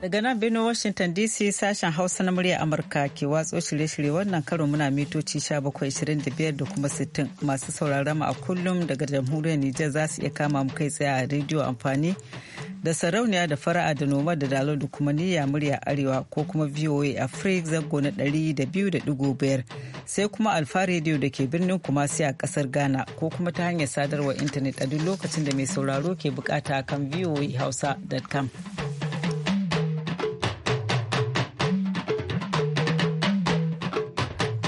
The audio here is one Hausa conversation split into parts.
Daga nan birnin Washington DC sashen Hausa na murya Amurka ke watso shirye-shirye wannan karo muna mitoci 1725 da kuma 60 masu sauraron mu a kullum daga jamhuriyar Nijar za su iya kama mu kai tsaye a rediyo amfani da sarauniya da fara'a da noma da dalo da kuma niyya murya arewa ko kuma VOA a Freak zango na 200.5 sai kuma alfa rediyo da ke birnin Kumasi a kasar Ghana ko kuma ta hanyar sadarwar intanet a duk lokacin da mai sauraro ke bukata kan voahausa.com.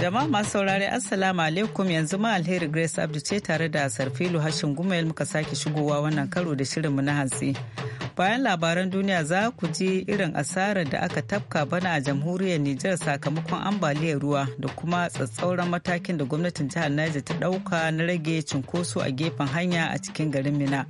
Jama'a masu saurare Assalamu alaikum yanzu ma alheri Grace Abdu ce tare da Sarfilu Hashin Gumel muka sake shigowa wannan karo da shirinmu na hantsi. Bayan labaran duniya za ku ji irin asarar da aka tafka bana a jamhuriyar Nijar sakamakon ambaliyar ruwa da kuma tsatsauran matakin da gwamnatin jihar Niger ta ɗauka na rage cunkoso a gefen hanya a cikin garin Mina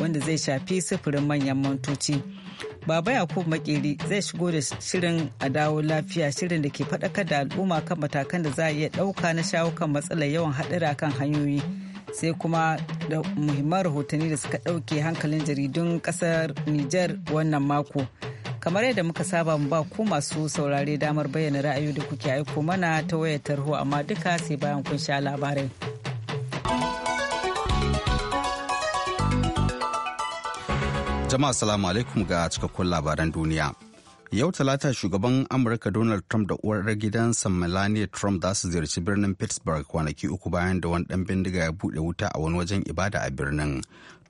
wanda zai shafi sufurin manyan mantoci. Baba Yakubu Makeri zai shigo da shirin a dawo lafiya shirin da ke faɗakar da al'umma kan matakan da za a iya ɗauka na shawo kan matsalar yawan haɗura kan hanyoyi. Sai kuma da muhimman rahotanni da suka ɗauke hankalin jaridun ƙasar Nijar wannan mako. Kamar yadda muka saba mu ba ku masu saurare damar bayyana ra'ayoyi da kuke aiko mana ta wayar tarho amma duka sai bayan kun sha labarai. Jama'a salamu alaikum ga cikakkun labaran duniya. Yau talata shugaban Amurka Donald Trump da uwar gidansa Melania Trump za su ziyarci birnin Pittsburgh kwanaki uku bayan da wani dan bindiga ya buɗe wuta a wani wajen ibada a birnin.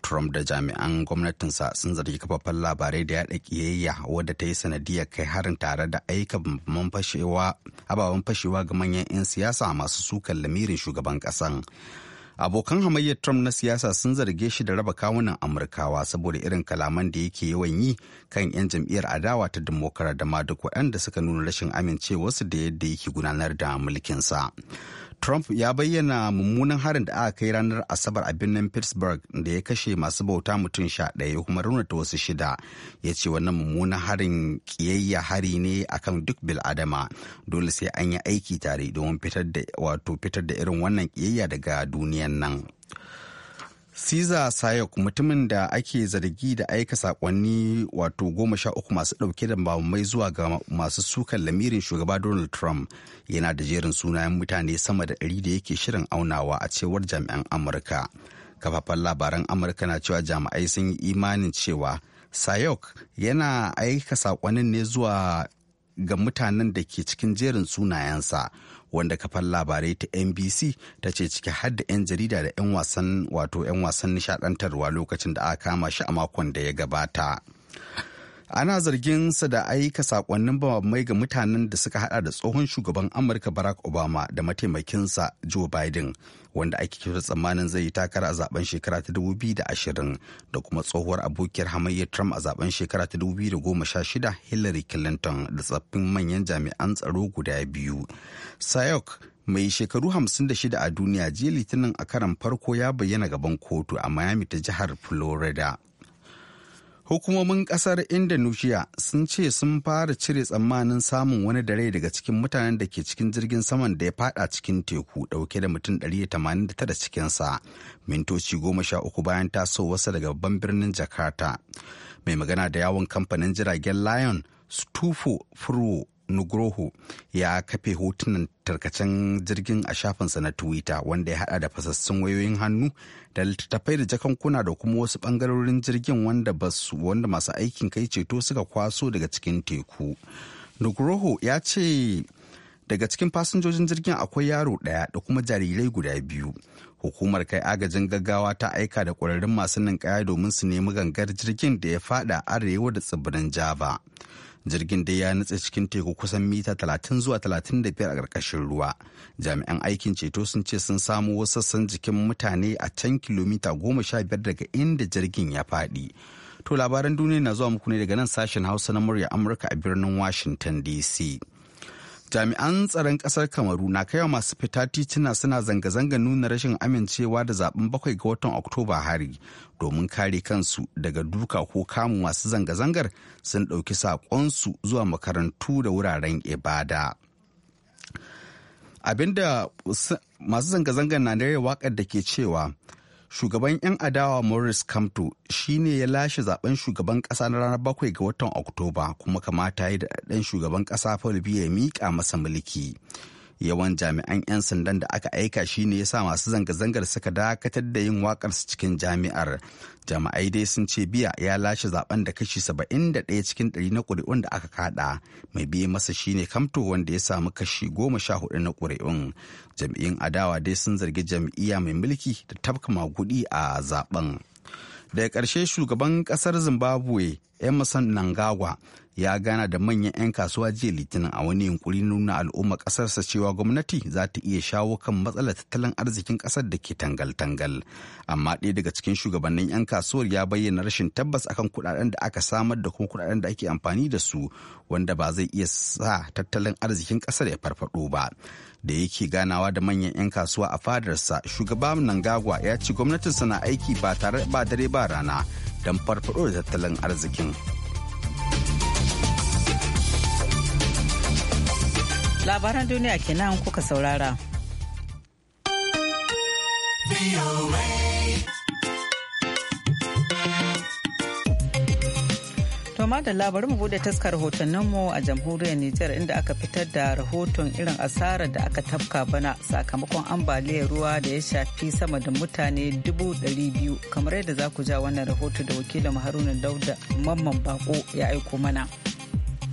Trump da jami'an gwamnatinsa sun zargi kafafen labarai da yaɗa kiyayya wadda ta yi sanadiyar kai harin tare da aika ababen fashewa ga manyan 'yan siyasa masu sukan lamirin shugaban ƙasan. abokan hamayyar trump na siyasa sun zarge shi da raba kawunan amurkawa saboda irin kalaman da yake yawan yi kan 'yan jam'iyyar adawa ta demokara da ma duk waɗanda suka nuna rashin amincewarsu da yadda yake gudanar da mulkinsa. Trump ya bayyana mummunan harin da aka kai ranar Asabar a birnin Pittsburgh da ya kashe masu bauta mutum sha ɗaya ya kuma raunata wasu shida. Ya ce wannan mummunan harin kiyayya hari ne akan duk bil'adama. Dole sai an yi aiki tare domin fitar da wato fitar da irin wannan kiyayya daga duniyan nan. Siza Sayok mutumin da ake zargi da aika sakonni wato goma sha uku masu ɗauke da mai zuwa ga masu sukan lamirin shugaba Donald Trump yana da jerin sunayen mutane sama da ɗari da yake shirin aunawa a cewar jami'an Amurka. Kafafen labaran Amurka na cewa jami'ai sun yi imanin cewa Sayok yana aika sakonnin ne zuwa ga mutanen da ke cikin jerin sunayensa wanda kafar labarai ta NBC ta ce ciki har da 'yan jarida da 'yan wasan wato 'yan wasan nishadantarwa lokacin da aka kama shi a makon da ya gabata. ana zargin sa da aika sakonnin bamamai ga mutanen da suka hada da tsohon shugaban amurka barack obama da mataimakinsa joe biden wanda ake kifta tsammanin zai yi takara a zaben shekara ta 2020 da kuma tsohuwar abokiyar hamayyar trump a zaben shekara ta 2016 hillary clinton da tsaffin manyan jami'an tsaro guda biyu sayok mai shekaru 56 a duniya jiya litinin a karan farko ya bayyana gaban kotu a miami ta jihar florida Hukumomin kasar Indonesia sun ce sun fara cire tsammanin samun wani dare daga cikin mutanen da ke cikin jirgin saman da ya fada cikin teku dauke da mutum 189 cikinsa mintoci goma sha uku bayan tasowarsa daga babban birnin Jakarta. Mai magana da yawon kamfanin jiragen Lion Stufo Furwo Nugroho ya kafe hotunan tarkacen jirgin a shafinsa na Twitter wanda ya hada da fasassun wayoyin hannu da littattafai da jakankuna da kuma wasu bangarorin jirgin wanda basu wanda masu aikin kai ceto suka kwaso daga cikin teku. Nugroho ya ce daga cikin fasinjojin jirgin akwai yaro daya da kuma jarirai guda biyu. Hukumar kai agajin gaggawa ta aika da ƙwararrun masu ninkaya domin su nemi gangar jirgin da ya fada arewa da tsibirin Java. jirgin dai ya nutse cikin teku kusan mita 30 zuwa 35 a ƙarƙashin ruwa jami'an aikin ceto sun ce sun samu wasu sassan jikin mutane a can kilomita 15 daga inda jirgin ya faɗi to labaran duniya na zuwa muku ne daga nan sashen hausa na murya amurka a birnin washington dc jami'an tsaron kasar kamaru na kaiwa masu fita tituna suna zanga-zanga nuna rashin amincewa da zaben bakwai ga watan oktoba hari domin kare kansu daga duka ko kamun masu zanga-zangar sun ɗauki saƙonsu zuwa makarantu da wuraren ibada abinda masu zanga-zangar na da wakar da ke cewa shugaban 'yan adawa morris kamto ne ya lashe zaben shugaban kasa na ranar bakwai ga watan oktoba kuma kamata ya da shugaban kasa paul biya miƙa masa mulki yawan jami'an 'yan sandan da aka aika shi ne ya sa masu zanga-zangar suka dakatar da yin su cikin jami'ar jami'ai dai sun ce biya ya lashe zaben da kashi 71 cikin 100 na ƙuri'un da aka kada mai biye masa shine kamto wanda ya samu kashi 14 na ƙuri'un Jami'in adawa dai sun zargi jam'iyya mai mulki da tafka magudi a zaben daga karshe shugaban ƙasar zimbabwe emerson nangagwa ya gana da manyan 'yan kasuwa jiya litinin a wani yunkuri nuna al'umma ƙasarsa cewa gwamnati za ta iya shawo kan matsalar tattalin arzikin ƙasar da ke tangal-tangal amma ɗaya daga cikin shugabannin 'yan kasuwar ya bayyana rashin tabbas akan kuɗaɗen da aka samar da kuma kuɗaɗen da ake amfani da su wanda ba zai iya sa tattalin arzikin ƙasar ya farfaɗo ba da yake ganawa da manyan 'yan kasuwa a fadarsa shugaba nangagwa ya ce gwamnatinsa na aiki ba tare ba dare ba rana don farfaɗo da tattalin arzikin. labaran duniya kenan kuka saurara. Toma da labarin mu bude taskar mu a jamhuriyar Nijar inda aka fitar da rahoton irin asarar da aka tafka bana sakamakon ambaliyar ruwa da ya shafi sama da mutane 200,000 kamar yadda za ku ja wannan rahoto da wakilin haruna dauda mamman bako ya aiko mana.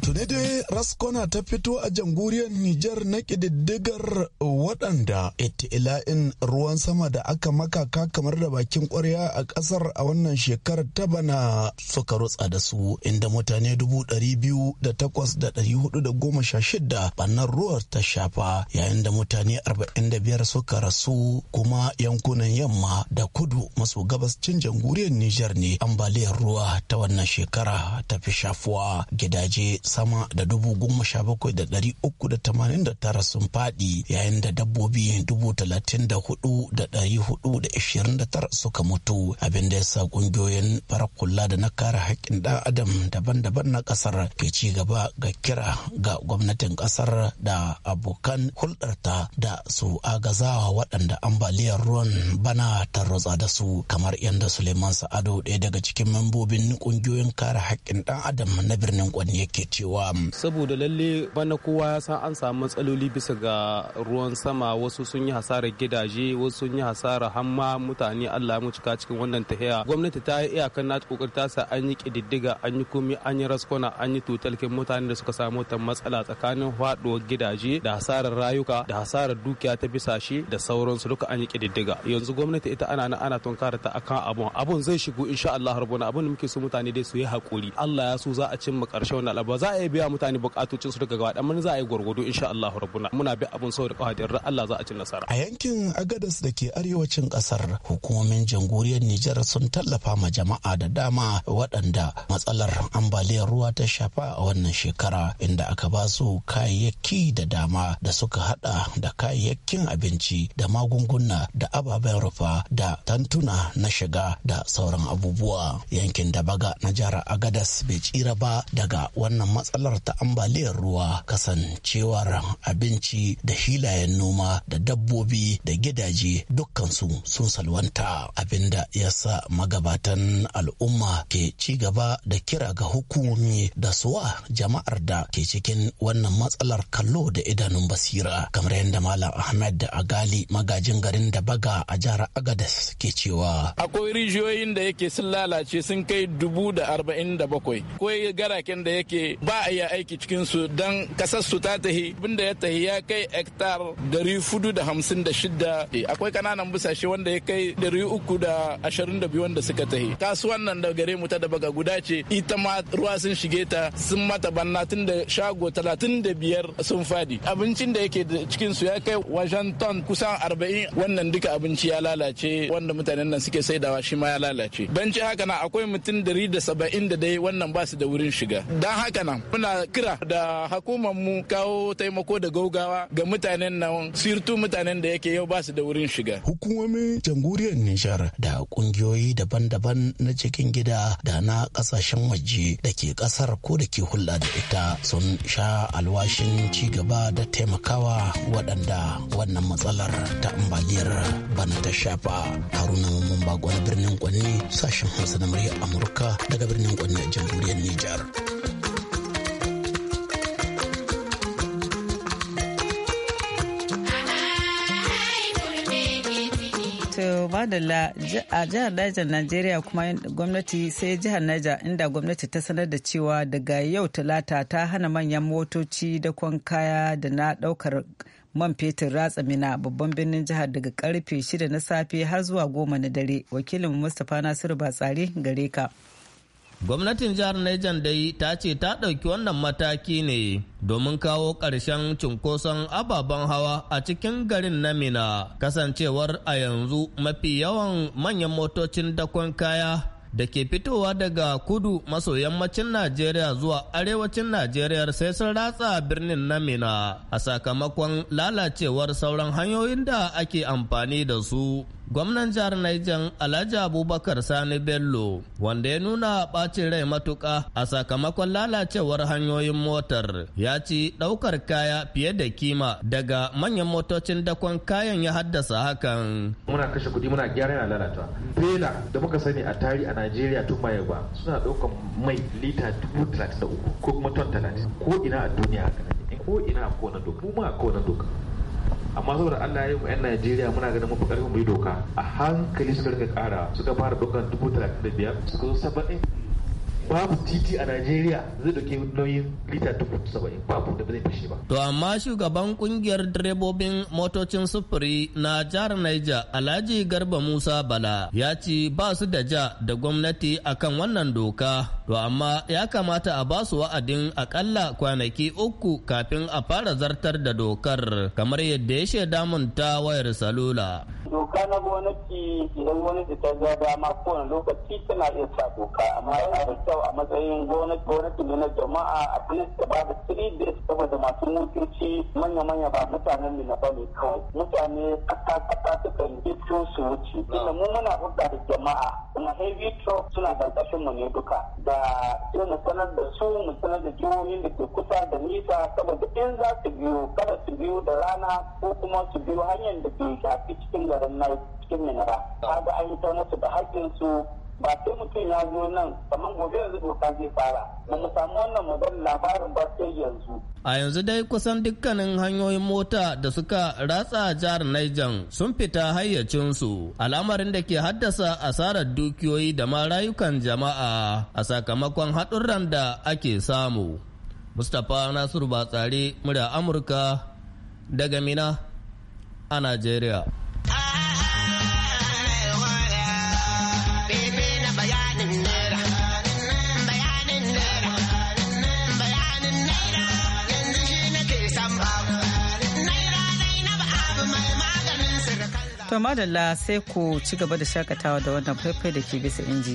Tune dai Raskona ta fito a jamhuriyar Nijar na ƙididdigar waɗanda itila'in ruwan sama da aka makaka kamar da bakin ƙwarya a ƙasar a wannan shekarar ta bana suka rutsa da su inda mutane dubu ɗari biyu da takwas da ɗari hudu da goma sha shida bannan ruwar ta shafa yayin da mutane arba'in da biyar suka rasu kuma yankunan yamma da kudu maso gabascin jamhuriyar Nijar ne ambaliyar ruwa ta wannan shekara ta fi shafuwa gidaje sama da dubu goma sha bakwai da dari uku da tamanin da tara sun faɗi yayin da dabbobi dubu talatin da hudu da dari hudu da ishirin da tara suka mutu abin da ya sa ƙungiyoyin farar kula da na kare haƙƙin ɗan adam daban-daban na ƙasar ke ci gaba ga kira ga gwamnatin ƙasar da abokan hulɗarta da su agazawa waɗanda ambaliyar ruwan bana ta rutsa da su kamar yadda Suleiman Sa'adu, ɗaya daga cikin membobin ƙungiyoyin kare haƙƙin ɗan adam na birnin Kwanne ke cewa rayuwa. Um, saboda lalle bana kowa ya san an samu matsaloli bisa ga ruwan sama wasu sun yi hasarar gidaje wasu sun yi hasarar hamma mutane Allah mu cika cikin wannan tahiya gwamnati ta yi iyakan na kokari ta sa an yi kididdiga an yi komi an yi raskona an yi tutalkin mutane da suka samu ta matsala tsakanin faduwar gidaje da hasarar rayuka da hasarar dukiya ta bisa shi da sauransu duka an yi kididdiga yanzu gwamnati ita ana ana tunkara ta akan abun abun zai shigo insha Allah rabona abun da muke so mutane dai su yi hakuri Allah ya so za a cimma karshen wannan za za a biya mutane bukatocin su daga gaba dan mun za a yi gwargwado insha Allah rabbuna muna bi abun da kwadin Allah za a ci nasara a yankin Agadas da ke arewacin kasar hukumomin jamhuriyar Nijar sun tallafa ma jama'a da dama waɗanda matsalar ambaliyar ruwa ta shafa a wannan shekara inda aka ba su kayayyaki da dama da suka hada da kayayyakin abinci da magunguna da ababen rufa da tantuna na shiga da sauran abubuwa yankin da baga na jihar Agadas bai tsira ba daga wannan matsalar ta ambaliyar ruwa kasancewar abinci da hilayen noma da dabbobi da gidaje dukkansu sun salwanta abinda ya sa magabatan al'umma ke ci gaba da kira ga hukumi da suwa jama'ar da ke cikin wannan matsalar kallo da idanun basira kamar yadda malam ahmed agali magajin garin da baga a jihar agadas ke cewa akwai rijiyoyin da yake sun lalace sun kai dubu da arba'in da bakwai akwai garaken da yake ba a yi aiki cikin su don kasar su ta tahi Binda ya tahi ya kai hektar dari fudu da hamsin da shida eh, akwai kananan busashe wanda ya kai dari uku da ashirin da biyu wanda suka tahi kasuwan nan da gare mu ta da baga guda ce ita ma ruwa sun shige ta sun mata banna tun da shago talatin da biyar sun fadi abincin da yake cikin su ya kai wajen ton kusan arba'in wannan duka abinci ya lalace wanda mutanen nan suke saidawa shi ma ya lalace banci haka na akwai mutum dari da saba'in da dai wannan ba su da wurin shiga don haka nan muna kira da hakuman mu kawo taimako da gaugawa ga mutanen nan sirtu mutanen da yake yau basu da wurin shiga hukumomin jamhuriyar nijar da kungiyoyi daban-daban na cikin gida da na kasashen waje da ke kasar ko da ke hulɗa da ita sun sha alwashin ci gaba da taimakawa waɗanda wannan matsalar ta ambaliyar bana ta shafa haruna mamman bakon birnin kwanne sashen hausa na murya amurka daga birnin kwanne jamhuriyar nijar da la a jihar Niger Najeriya kuma gwamnati sai jihar Niger inda gwamnati ta sanar da cewa daga yau talata ta hana manyan motoci da kwan kaya da na daukar man fetur ratsa mina babban birnin jihar daga karfe 6 na safe har zuwa goma na dare wakilin Mustapha Nasiru Batsari gare ka. Gwamnatin jihar Niger dai ta ce ta ɗauki wannan mataki ne domin kawo ƙarshen cunkoson ababen hawa a cikin garin na Mina kasancewar a yanzu mafi yawan manyan motocin dakon kaya da ke fitowa daga kudu maso yammacin Najeriya zuwa arewacin Najeriya sai sun ratsa birnin na Mina a sakamakon lalacewar sauran hanyoyin da ake amfani da su. gwamnan jihar Niger Alhaji Abubakar Sani Bello wanda ya nuna ɓacin rai matuƙa a sakamakon lalacewar hanyoyin motar ya ci ɗaukar kaya fiye da kima daga manyan motocin dakon kayan ya haddasa hakan. Muna kashe kuɗi muna gyara yana lalata. Fela da muka sani a tari a Najeriya tun baya ba suna ɗaukar mai lita dubu talatin da uku ko kuma ton talatin ko ina a duniya haka ko ina a kowane doka. Mu ma a kowane doka. amma saboda Allah ya yi yan Najeriya muna ganin mafi karfin bai doka a hankali suka rika kara suka fara dokan dubu talatin da biyar suka zo saba'in babu titi a Najeriya zai dauke nauyin lita dubu saba'in babu da zai fashe ba. To amma shugaban kungiyar direbobin motocin sufuri na jihar Niger Alhaji Garba Musa Bala ya ce ba su da ja da gwamnati akan wannan doka. To amma ya kamata a ba su wa'adin akalla kwanaki uku kafin a fara zartar da dokar kamar yadda ya shaida mun ta wayar salula. doka na gwamnati idan gwamnati ta ga dama kowane lokaci tana iya sa doka amma yana da kyau yau a matsayin gwamnati gwamnati ne na jama'a a place da babu three days da masu mutunci. manya-manya ba mutanen mu na ba ne kawai mutane kasa-kasa suka yi tun su wuce inda mu muna hulɗa da jama'a kuma heavy truck suna ƙarƙashin mu ne duka da sai mu sanar da su mu sanar da jihohin da ke kusa da nisa saboda in za su biyo kada su biyo da rana ko kuma su biyo hanyar da ke shafi cikin garin na cikin minara kaga an yi ta musu da haƙƙinsu ba sai mutum ya zo nan kamar gobe yanzu doka zai fara ba mu samu wannan mu bar labarin ba sai yanzu. A yanzu dai kusan dukkanin hanyoyin mota da suka ratsa jihar Niger sun fita hayyacinsu al'amarin da ke haddasa asarar dukiyoyi da ma rayukan jama'a a sakamakon haɗurran da ake samu. Mustapha Nasiru Batsari murya Amurka daga Mina a Najeriya. To madalla sai ku ci gaba da shakatawa da wannan faifai da ke bisa inji.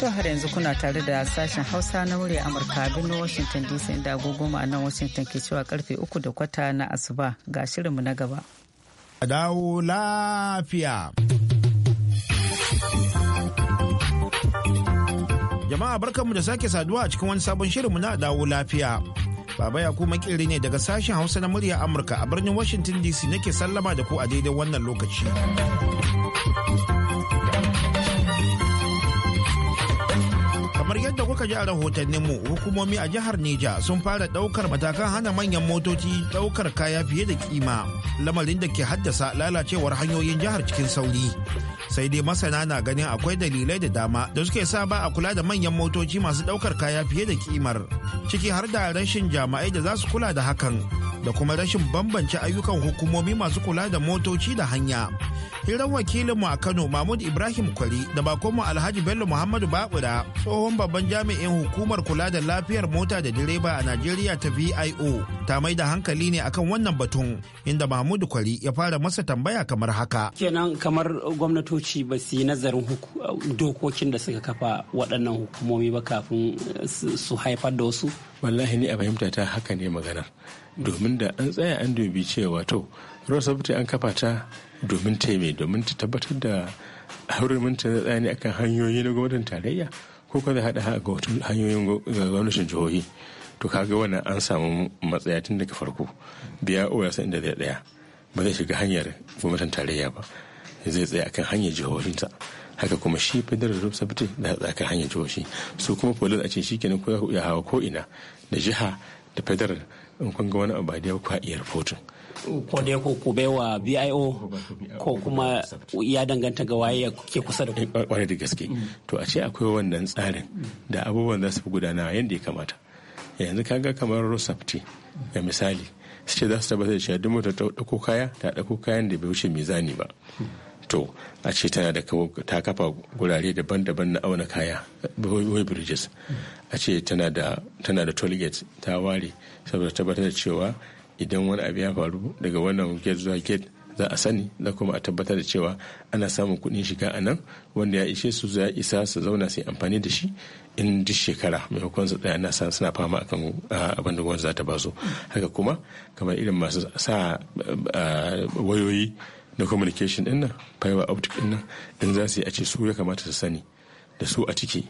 To har yanzu kuna tare da sashen Hausa na murya Amurka birnin Washington DC inda agogo a nan Washington ke cewa karfe uku da kwata na asuba ga shirinmu na gaba. A dawo lafiya. Jama'a barkanmu da sake saduwa a cikin wani sabon shirinmu na dawo lafiya. Baba Yakubu makiri ne daga sashen Hausa na murya Amurka a birnin Washington DC nake sallama da ku a daidai wannan lokaci. kamar yadda kuka ji a mu hukumomi a jihar neja sun fara daukar matakan hana manyan motoci daukar kaya fiye da kima lamarin da ke haddasa lalacewar hanyoyin jihar cikin sauri sai dai masana na ganin akwai dalilai da dama da suke sa ba a kula da manyan motoci masu daukar kaya fiye da kimar ciki har da rashin jama'ai da za su kula da hakan da kuma rashin bambance ayyukan hukumomi masu kula da motoci da hanya. Hiran wakilinmu a Kano Mahmud Ibrahim Kwari da bakonmu Alhaji Bello Muhammadu Babura tsohon babban jami'in hukumar kula da lafiyar mota da direba a Najeriya ta VIO ta mai da hankali ne akan wannan batun inda Mahmud Kwari ya fara masa tambaya kamar haka. Kenan kamar gwamnatoci ba su yi nazarin uh, dokokin da suka kafa waɗannan hukumomi ba kafin uh, su haifar da wasu? Wallahi ni a fahimta ta haka ne maganar. domin da an tsaya an dubi cewa to rosabti an kafa ta domin taime domin ta tabbatar da hurumin ta tsaya ne akan hanyoyi na gwamnatin tarayya ko kuma zai haɗa ga wata hanyoyin gwamnatin jihohi to kaga wannan an samu matsaya tun daga farko biya o ya san inda zai tsaya ba zai shiga hanyar gwamnatin tarayya ba zai tsaya akan hanyar jihohin jihohinsa haka kuma shi da reserve sabiti da tsakar hanyar jihohi su kuma police a ce shi kenan ko ya hawa ko ina da jiha da federal in kun ga wani abu da dai ku iya rahoton ko dai ko ku wa BIO ko kuma ya danganta ga waye ke kusa da ku eh, da gaske to a ce akwai wannan tsarin da abubuwan za su fi gudanawa yadda ya kamata yanzu kaga kamar Rosafti ga misali su ce za su tabbatar da mota ta dauko kaya ta dauko kayan da bai wuce mizani ba to a ce tana da ta kafa gurare daban-daban na auna kaya bridges a ce tana da toll ta ware saboda tabbatar da cewa idan wani abu ya faru daga wannan gate zuwa gate za a sani da kuma a tabbatar da cewa ana samun kuɗin shiga a nan wanda ya ishe su za isa su zauna su amfani da shi in duk shekara maimakon su tsaya na suna fama a kan abin da gwamnati za ta basu haka kuma kamar irin masu sa wayoyi na communication din nan fiber optic din nan in za su yi a ce su ya kamata su sani da su a ciki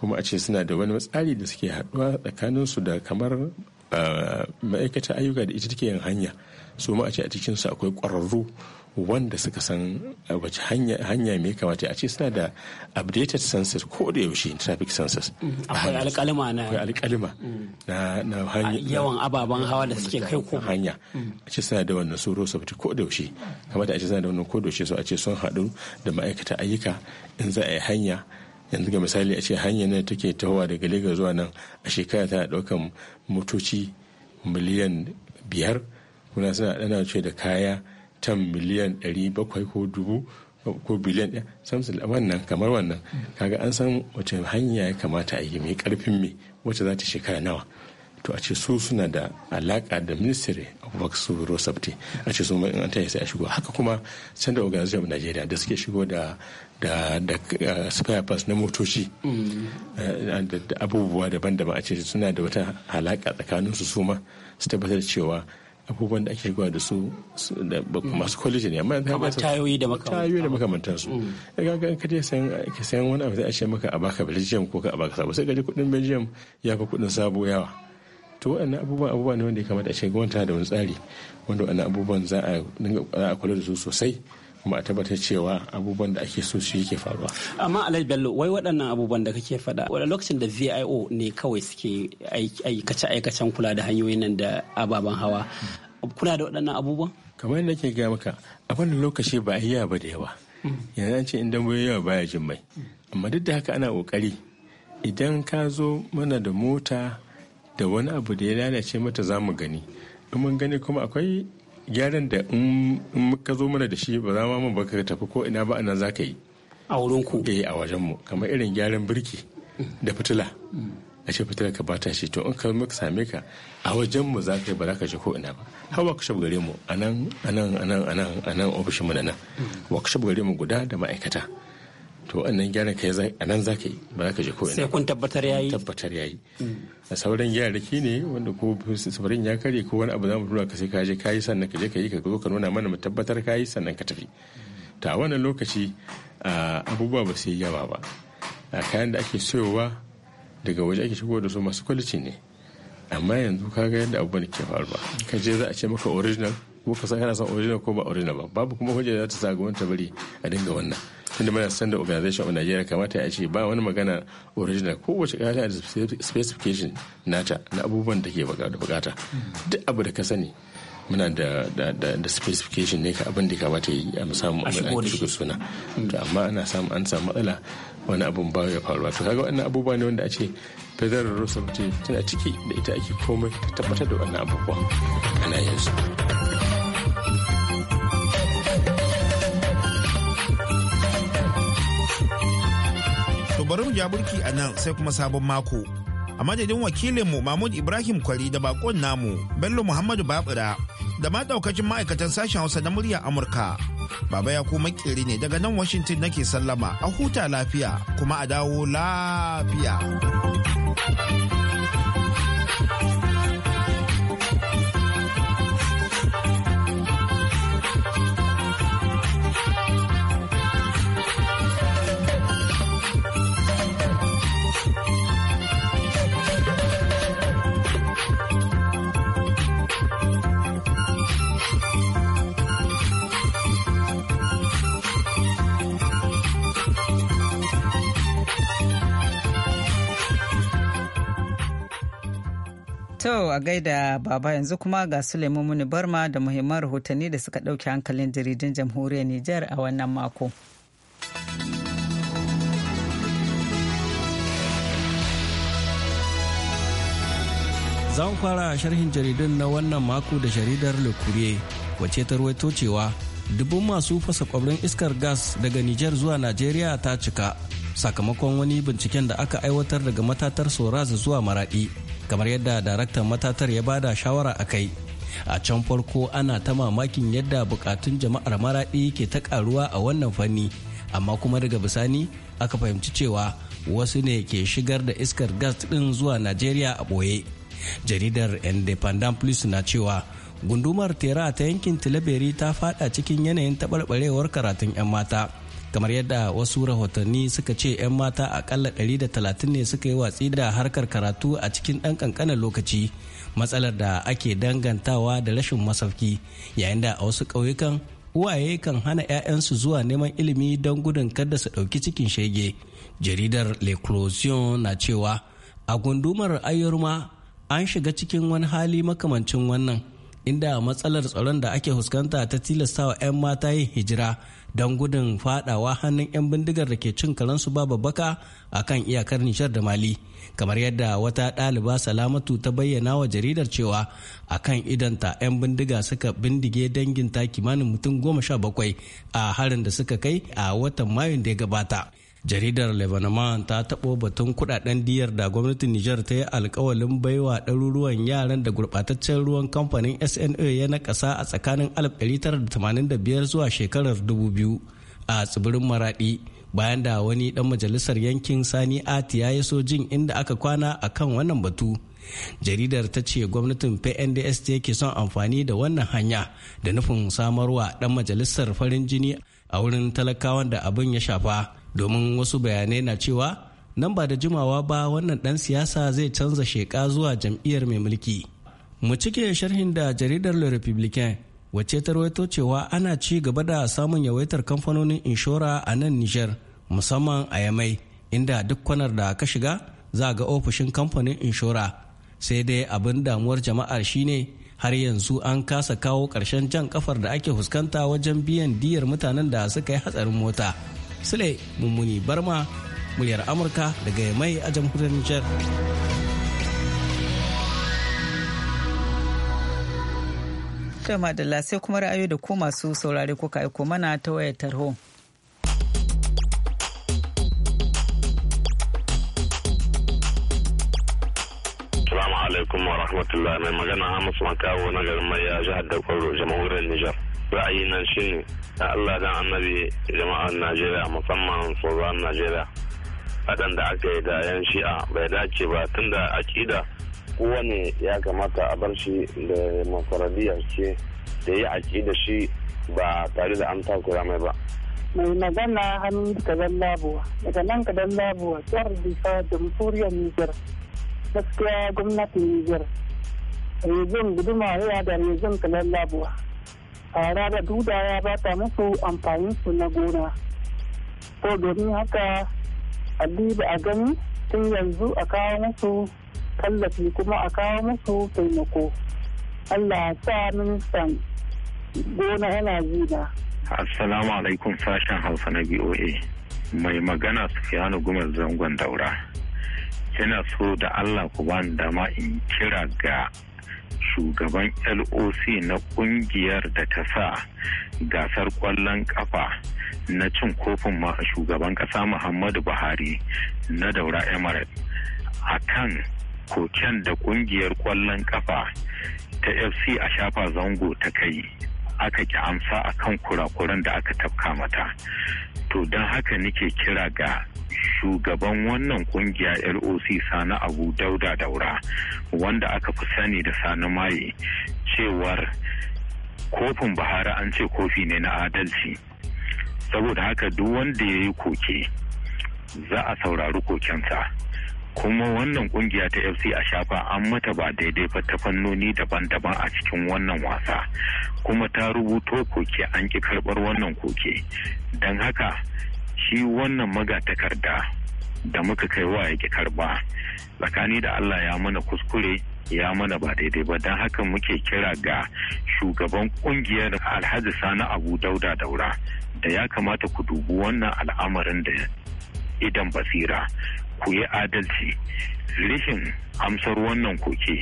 kuma a ce suna da wani tsari da suke haɗuwa tsakaninsu da kamar ma'aikata ayyuka da ita take yin hanya su ma a ce a cikinsu akwai ƙwararru wanda suka san wace hanya mai kamata a ce suna da updated census ko da yaushe traffic census mm, akwai alkalima na akwai alkalima mm. na hanya yawan ababen hawa da suke kai ko hanya mm. a ce suna da wannan suro sabti ko da yaushe kamata a ce suna da wannan ko da yaushe so a ce sun haɗu da ma'aikata ayyuka in za a yi hanya yanzu ga misali a ce hanyar nan take tahowa daga lagos zuwa nan a shekara tana daukan motoci miliyan biyar kuna suna dana ce da kaya tan miliyan ɗari bakwai ko dubu ko biliyan ɗaya samsul wannan kamar wannan kaga an san wace hanya ya kamata a yi mai karfin me wacce za ta shekara nawa to a ce su suna da alaka da ministry of su rosafti a ce su in an tayi sai a shigo haka kuma sanda organization of nigeria da suke shigo da da da eh, spare parts na motoci eh, da abubuwa daban-daban a ce suna da wata alaka tsakanin su suma su tabbatar cewa abubuwan da ake shigowa da su mm. masu college ne amma kamar tayoyi da tayoyi da makamantan su daga mm. eh, ga ka je sayan ka sayan wani abu sai a ce maka a baka belgium ko ka a baka sabo sai ka je kudin belgium ya fi kudin sabo yawa to waɗannan abubuwan abubuwa ne wanda ya kamata a ce gwamnati da wani tsari wanda waɗannan abubuwan za a kula da su sosai kuma a tabbatar cewa abubuwan da ake so su yake faruwa. Amma Alhaji Bello wai waɗannan abubuwan da kake faɗa wani lokacin da VIO ne kawai suke aikace aikacen kula da hanyoyin nan da ababen hawa. kula da waɗannan abubuwan? Kamar yadda nake gaya maka a wannan lokaci ba a yi ba da yawa. Yanzu an ce in dambobi yawa baya jin mai. Amma duk da haka ana ƙoƙari idan ka zo mana da mota da wani abu da ya lalace mata za mu gani in mun gani kuma akwai gyaran da in muka zo mana da shi ba za ma ba baka tafi ko ina ba anan za ka yi a wurin ku eh a wajen mu kamar irin gyaran birki da fitila mm. a ce fitila ka bata shi to in ka same ka a wajen mu za ka yi ba za ka je ko ina ba har workshop gare mu anan anan anan anan anan office mu nan workshop gare mu guda da ma'aikata to wannan gyaran ka a nan za ka yi ba za ka je ko ina. sai kun tabbatar yayi tabbatar yayi mm. a sauran gyara ne wanda ko safarin ya kare ko wani abu za mu tura ka sai ka je yi sannan ka je ka yi ka zo ka nuna mana mu tabbatar ka yi sannan ka tafi to a wannan lokaci abubuwa ba su yi yawa ba a kayan da ake soyowa daga waje ake shigo da su masu kwalici ne amma yanzu ka ga yadda abubuwan ke faruwa ka je za a ce maka original mu fa san yana son original ko ba original ba babu kuma hujja za ta sa gwamnati bari a dinga wannan tunda muna san da organization of Nigeria kamata ya ce ba wani magana original ko wace kaya da specification nata na abubuwan da ke bukata duk abu da ka sani muna da da specification ne ka abin da kamata yi a musamman a shigo suna mm. to amma ana samu an samu matsala wani abun ba ya faruwa to kaga wannan abubuwa ne wanda a ce federal ce tana ciki da ita ake komai ta tabbatar da wannan abubuwa ana yin su bari mu ja burki a nan sai kuma sabon mako a madadin wakilinmu mahmud ibrahim kwari da bakon namu bello muhammadu babura da ma daukacin ma'aikatan sashen hausa na muryar amurka baba ya kuma makeri ne daga nan washington nake sallama a huta lafiya kuma a dawo lafiya To a gaida baba yanzu kuma ga Suleiman Muni Barma da muhimman rahotanni da suka ɗauki hankalin jaridun jamhuriyar Nijar a wannan mako. Za mu fara sharhin jaridun na wannan mako da jaridar Le Courrier wacce ta ruwaito cewa dubun masu fasa kwabrin iskar gas daga Nijar zuwa Najeriya ta cika sakamakon wani binciken da aka aiwatar daga matatar sorazu zuwa maradi kamar yadda daraktan matatar ya bada shawara a kai a can farko ana ta mamakin yadda bukatun jama'ar maradi ke ta karuwa a wannan fanni amma kuma daga bisani aka fahimci cewa wasu ne ke shigar da iskar gas din zuwa najeriya a boye jaridar independent police na cewa gundumar tera ta yankin tilaberi ta fada cikin yanayin taɓarɓarewar karatun 'yan mata kamar yadda wasu rahotanni suka ce 'yan mata akalla 130 ne suka yi watsi da harkar karatu a cikin ɗan ƙanƙanin lokaci matsalar da ake dangantawa da rashin masauki yayin da a wasu ƙauyukan uwaye kan hana 'ya'yansu zuwa neman ilimi don gudun kada su ɗauki cikin shege jaridar l'eclosion na cewa a gundumar ayyurma an shiga cikin wani hali makamancin wannan inda matsalar tsaron da ake fuskanta ta tilastawa 'yan mata yin hijira don gudun fadawa hannun 'yan bindigar da ke cin karansu babu baka a kan iyakar nishar da mali kamar yadda wata ɗaliba salamatu ta bayyana wa jaridar cewa a kan idanta 'yan bindiga suka bindige dangin ta kimanin mutum goma sha bakwai a harin da suka kai a watan mayun da ya gabata jaridar lebanon ta taɓo batun kudaden diyar da gwamnatin niger ta yi alkawalin baiwa ɗaruruwan yaran da gurɓataccen ruwan kamfanin sna ya ƙasa a tsakanin 1985 zuwa shekarar 2000 a tsibirin maraɗi, bayan da wani ɗan majalisar yankin sani Ati ya so jin inda aka kwana a kan wannan batu jaridar ta ce gwamnatin pnds ta ke son amfani da wannan hanya da nufin samarwa ɗan majalisar farin jini a wurin talakawan da abin ya shafa domin wasu bayanai na cewa nan ba da jimawa ba wannan dan siyasa zai canza sheka zuwa jam'iyyar mai mulki mu cike sharhin da jaridar le republican wacce ta rawaito cewa ana ci gaba da samun yawaitar kamfanonin inshora a nan nijar musamman a yamai inda duk kwanar da ka shiga za ga ofishin kamfanin inshora sai dai abin damuwar jama'ar shine har yanzu an kasa kawo ƙarshen jan kafar da ake fuskanta wajen biyan diyar mutanen da suka yi hatsarin mota Sule Mummuni Barma muryar Amurka daga mai a jamhuriyar Nijar. Kama da sai kuma ra'ayo da ku masu saurare kuka aiko mana ta wayar tarho. Salamu alaikum wa rahmatullahi mai magana Hamisu Makawo na garin Maiya jihar da Kwaro jamhuriyar Nijar. ra'ayina shine da Allah dan annabi jama'ar Najeriya musamman tsoron Najeriya faɗan aka yi da yan shi'a bai dace ba tunda aƙida kowane ya kamata a bar shi da mafaradiyar ce da ya aƙida shi ba tare da an takura mai ba. mai magana hannun kadan labuwa daga nan kadan labuwa jihar difa jamhuriyar niger gaskiya gwamnatin niger rezon guduma yana da rezon kadan labuwa tsara da dudawa ba ta musu su na gona ko domin haka a duba a gani tun yanzu a kawo musu tallafi kuma a kawo musu taimako allah sa ministan gona yana zina assalamu alaikum sashen hausa na boa mai magana su sufiyanu gumar zangon daura yana so da allah ku bani dama in kira ga shugaban loc na kungiyar da ta sa gasar kwallon kafa na cin kofin ma shugaban kasa muhammadu buhari na daura emirates a kan koken da kungiyar kwallon kafa ta fc a shafa zango ta kai aka ki amsa akan kurakuran da aka tafka mata to don haka nake kira ga shugaban wannan kungiya loc sani abu dauda daura wanda aka fi sani da sani maye cewar kofin buhari an ce kofi ne na adalci saboda haka duk wanda ya yi koke za a saurari kokensa kuma wannan kungiya ta fc a shafa an mata ba daidai ba ta fannoni daban-daban a cikin wannan wasa kuma ta rubuto koke an ki karbar wannan koke don haka shi wannan magatakarda da muka kai wa ya ki karba tsakani da allah ya mana kuskure ya mana ba daidai ba don haka muke kira ga shugaban kungiyar alhaji sani abu dauda daura da ya kamata ku dubi wannan al'amarin da idan basira ku yi adalci rishin amsar wannan koke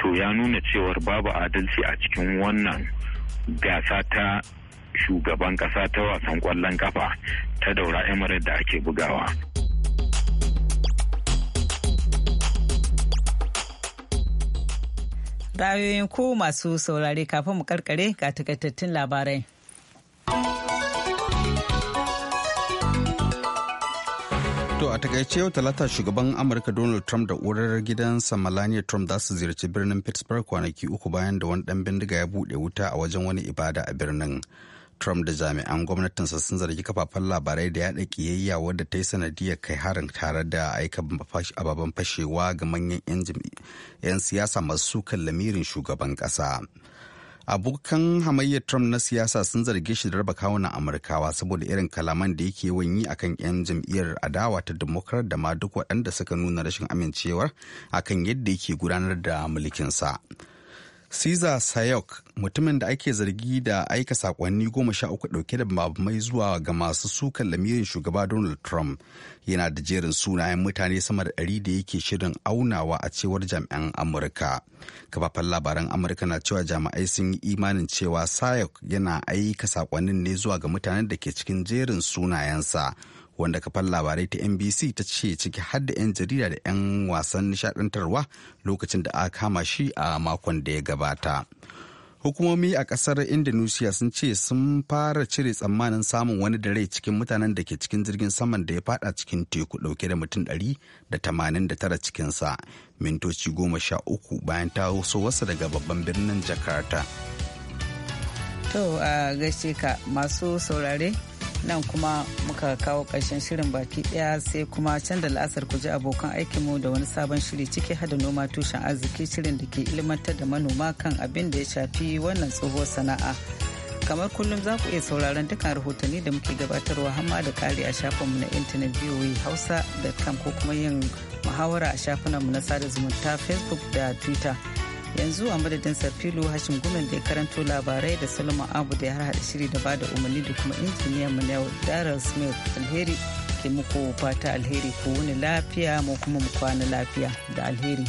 to ya nuna cewar babu adalci a cikin wannan gasa ta shugaban kasa ta wasan kwallon kafa ta daura emirates da ake bugawa bayoyin ko masu saurare kafin mu karkare ga takaitattun labarai To a takaice yau talata shugaban Amurka Donald Trump da uwar gidansa Melania Trump za su ziyarci birnin Pittsburgh kwanaki uku bayan da wani dan bindiga ya buɗe wuta a wajen wani ibada a birnin. Trump da jami'an gwamnatinsa sun zargi kafafen labarai da yaɗa kiyayya wadda ta yi sanadiyar kai harin tare da aika ababen fashewa ga manyan 'yan siyasa masu sukan lamirin shugaban ƙasa. abokan hamayyar trump na siyasa sun zarge shi da raba kawunan amurkawa saboda irin kalaman da yake yawan yi akan 'yan jam'iyyar adawa ta demokrat da ma duk waɗanda suka nuna rashin amincewar akan yadda yake gudanar da mulkinsa. sa Caesar Sayok mutumin da ake zargi da aika sakonni goma sha uku dauke da mai zuwa ga masu sukan lamirin shugaba Donald Trump yana da jerin sunayen mutane sama da ɗari da yake shirin aunawa a cewar jami'an Amurka. Kafafen labaran Amurka na cewa jami'ai sun yi imanin cewa Sayok yana aika sakonnin ne zuwa ga mutanen da ke cikin jerin sunayensa wanda kafar labarai ta NBC ta ce ciki har da 'yan jarida da 'yan wasan nishadantarwa lokacin da aka kama shi a makon da ya gabata. Hukumomi a kasar Indonesia sun ce sun fara cire tsammanin samun wani da rai cikin mutanen da ke cikin jirgin saman da ya fada cikin teku dauke da mutum ɗari da da tamanin tara cikinsa mintoci goma sha uku bayan ta wasu daga babban birnin Jakarta. To a gaishe ka masu saurare nan kuma muka kawo ƙarshen shirin baki ɗaya sai kuma can da la'asar ku ji abokan aikinmu da wani sabon shiri cike hada noma tushen arziki shirin da ke ilmantar da manoma kan abin da ya shafi wannan tsohuwar sana'a kamar kullum za ku iya sauraron dukkan rahotanni da muke gabatarwa hamma da kari a shafinmu na intanet Hausa voa kan ko kuma yin muhawara a shafinanmu na sada zumunta facebook da twitter yanzu a madadin sarfilu hashin gumel da ya karanto labarai da salomon abu da ya harhaɗa shiri da bada umarni da kuma injiniyan mu yau daryl smith alheri ke muku fata alheri ku wani lafiya mu kuma mu kwana lafiya da alheri.